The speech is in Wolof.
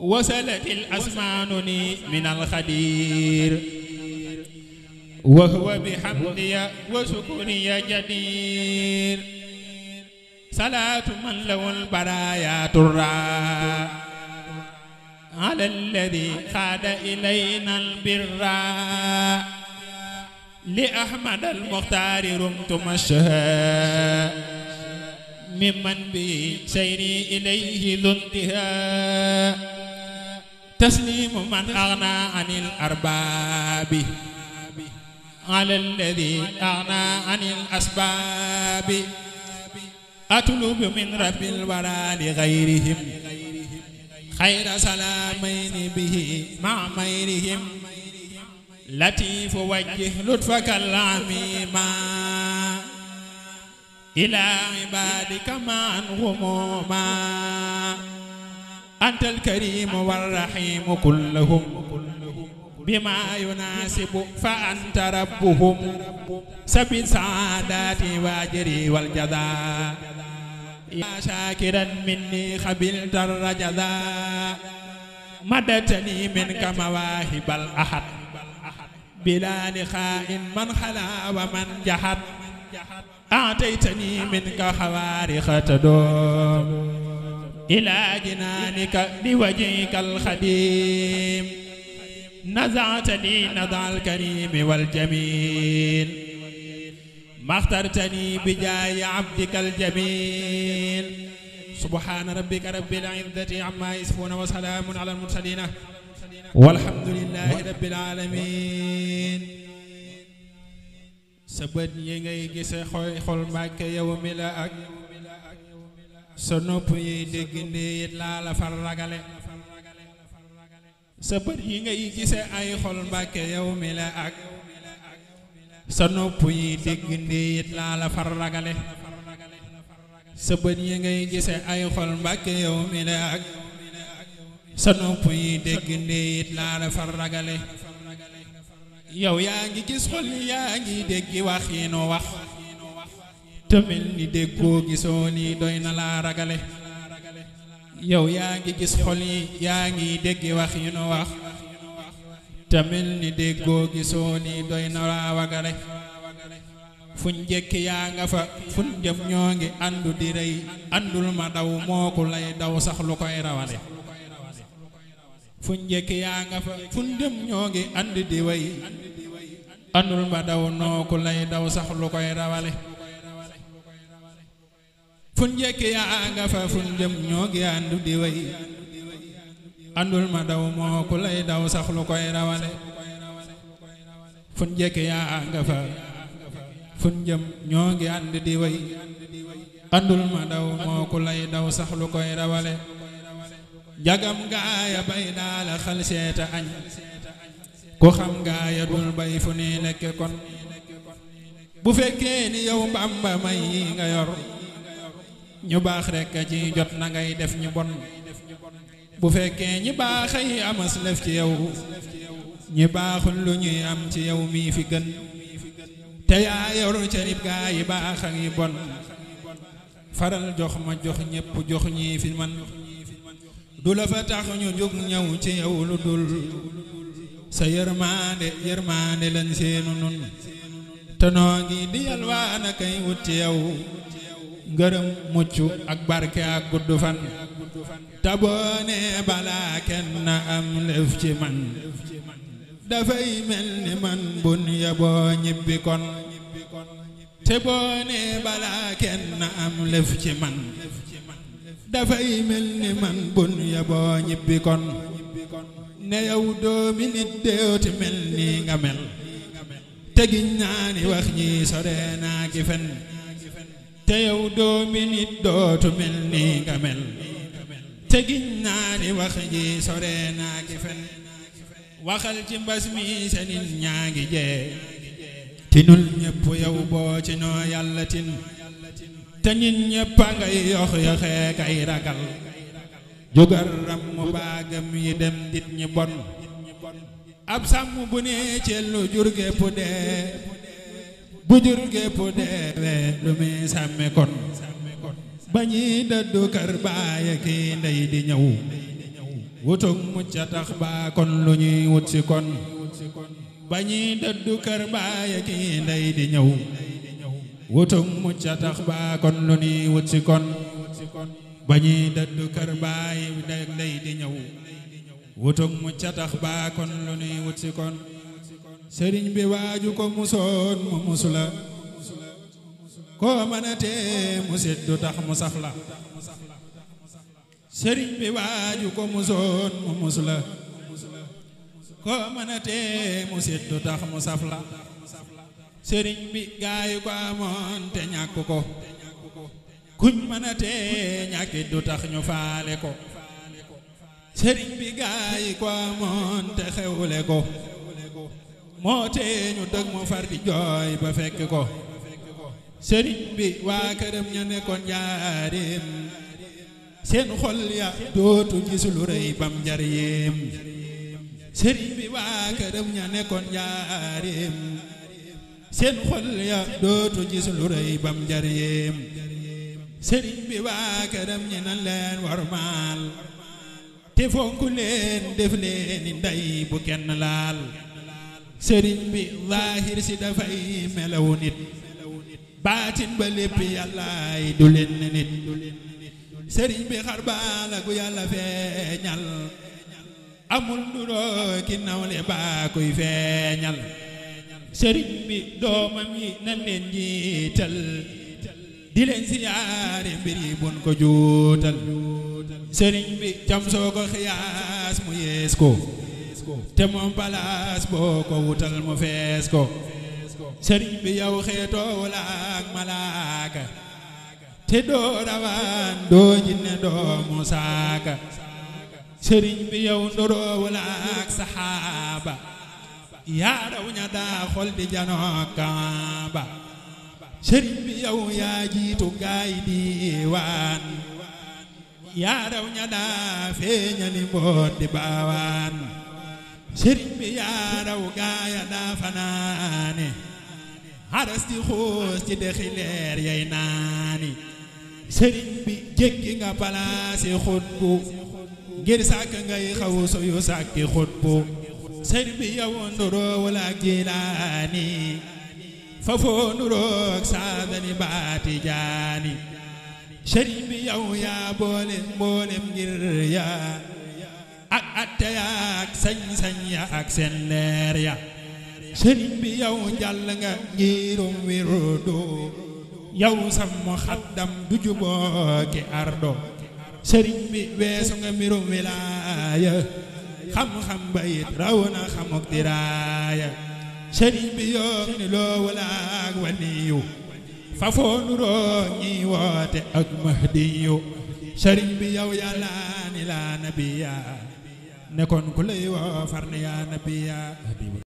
وسلت الأسمان من الخدير وهو بحمدي وسكوني جدير صلاة من له البرايا ترى على الذي خاد إلينا البر لأحمد المختار رمتم الشهاد ممن به سيري إليه ذو انتهاء تسليم من أغنى عن الأرباب على الذي أغنى عن الأسباب أطلب من رب الورى لغيرهم خير سلامين به مع ميرهم لطيف وجه لطفك العميمان إلى عبادك معا غموما أنت الكريم والرحيم كلهم بما يناسب فأنت ربهم سب سعادات واجري والجزاء يا شاكرا مني خبلت الرجزا مدتني منك مواهب الأحد بلا لخاء من خلا ومن جحد أعطيتني منك خوارق خطدوم إلى جنانك لوجهك الخديم نزعت لي نزع الكريم والجميل ما اخترتني بجاي عبدك الجميل سبحان ربك رب العزة عما يصفون وسلام على المرسلين والحمد لله رب العالمين sa bët yi ngay gise xooy xol mbàkke yow mi la ak sa nopp yiy dégg ndee laa la far ragale sa bët yi ngay gise ay xol mbàkke yow mi la ak sa nopp yi ngay la ak sa nopp yiy dégg ndee it laa la far ragale yow yaa ngi gis xol yaa ngi yi yow yaa ngi gis xol yaa ngi dégg wax yi nu wax te ni déggoo gisoo nii doy na laa wagale fuñ njëkk yaa nga fa fuñ jëm ñoo ngi àndu di rëy àndul ma daw moo ku lay daw sax lu koy rawale fu njëkk yaa nga fa fu ñoo ngi ànd di way andul ma daw moo ku lay daw sax lu koy rawale fu yaa nga fa fu ñoo ngi ànd di way andul ma daw moo ku lay daw sax lu koy rawale jagam ngaaya bay naa la xal seeta añ ku xam ngaaya dul bay fu ni nekk kon bu fekkee ni yow Bàmba may yi nga yor ñu baax rekk ci jot na ngay def ñu bon bu fekkee ñi baax amas lef ci yow ñi baaxul lu ñuy am ci yow mii fi gën te yaa yor ca gaa yi baax ak yi bon faral jox ma jox ñépp jox ñii fi man du la fa tax ñu jóg ñëw ci yow lu dul sa yërmaande yërmaande lañ seenu nun te noo ngi di yalwaan akay wut ci yow ngërëm mucc ak barke ak gudd fan te balaa kenn am lëf ci man dafay mel ni man bun yaboo ñibbi kon te balaa kenn am lëf ci man dafay mel ni man bun ya ñibbi kon ne yow doomi nit déewti mel nii nga mel te naa ni wax ñi sore naa ki fen te yow doomi nit dootu mel nii nga mel te naa ni wax ñi sore naa ki fen waxal ci mbas mi senin ñaa ngi jee tinul ñëpp yow boo ci noo yàlla tin te ñun ñëpp a ngay yox yoxee kay ragal jógaram mu baagam yi dem dit ñi bon ab sàmm bu ne ci lu jur gépp dee bu jur gépp deewee lu muy sàmmi kon ba ñuy dëddu kër baaya kii ndey di ñëw wutug mu a tax ba kon lu ñuy wut si kon ba ñuy dëddu kër baaya kii ndey di ñëw wutum mucc a tax ba kon lu ni wut si kon ba ñuy dëddu kër baay lay di ñëw wutum mucc a tax ba kon lu ni wut si kon sëriñ bi waaju ko musoon mu musula koo mën a tee mu tax mu saf la sëriñ bi waaju ko musoon mu musula koo mën a tee mu tax mu saf la sëriñ bi gaayu ko amoon te ñàkk ko kuñ mën ñàkkit du tax ñu faale ko sëriñ bi gaayu ko amoon te xewle ko moo tee ñu dëgg mu far di jooy ba fekk ko sëriñ bi waa këram ña nekkoon njaarim seen xol ya dootu gis rëy bam njariñam sëriñ bi waa këram ña nekkoon njaarim seen xol ya dootu gis lu rëy bam njariñam sëriñ bi waa këram ñi nan leen warmaal te fonk leen def leen ndey bu kenn laal sëriñ bi zaahir si dafay melawu nit baatin ba lépp yàllaay du leen nit sëriñ bi xar yàlla feeñal amul nduroo ki nawle baa kuy feeñal sëriñ bi doomam yi nan leen di leen siyaare mbir yi bun ko juutal sëriñ bi cam soo ko xiyaas mu yees ko te moom palaas boo ko wutal mu fees ko sëriñ bi yow xeetoo la ak malaaka te doo rawaan doo jinne doo musaaka sëriñ bi yow ndoroo la ak saxaaba yaa raw ña daa xol di janoo kaamba bi yow yaa jiitu gaay diiwaan yaa ña daa feeñali mboot di baawaan sëriñ bi yaa gaaya daa fanaane xaras di xuus ci dexi yay naani sëriñ bi jéggi nga palaasi xutbu ngir sàkk ngay xaw soyu sàkki xutbu serbiya wonduroo wala gilaani fafoo nurook saadani baati jaani sëriñ bi yow yaa boole mboolem ngir yaa ak atte yaa ak sañ-sañ ya ak seen leer ya sëriñ bi yow jàll nga ngirum wirdu yow sam mu xaddam du jubooki ardo sëriñ bi weesu nga mbirum wilaaya خم خم بيت رونا خمك درايا شري بيوم نلو ولا أغوانيو ففون روني وات أغمهديو شري بيو يا لان لا نبيا نكون كل وفرنيا نبيا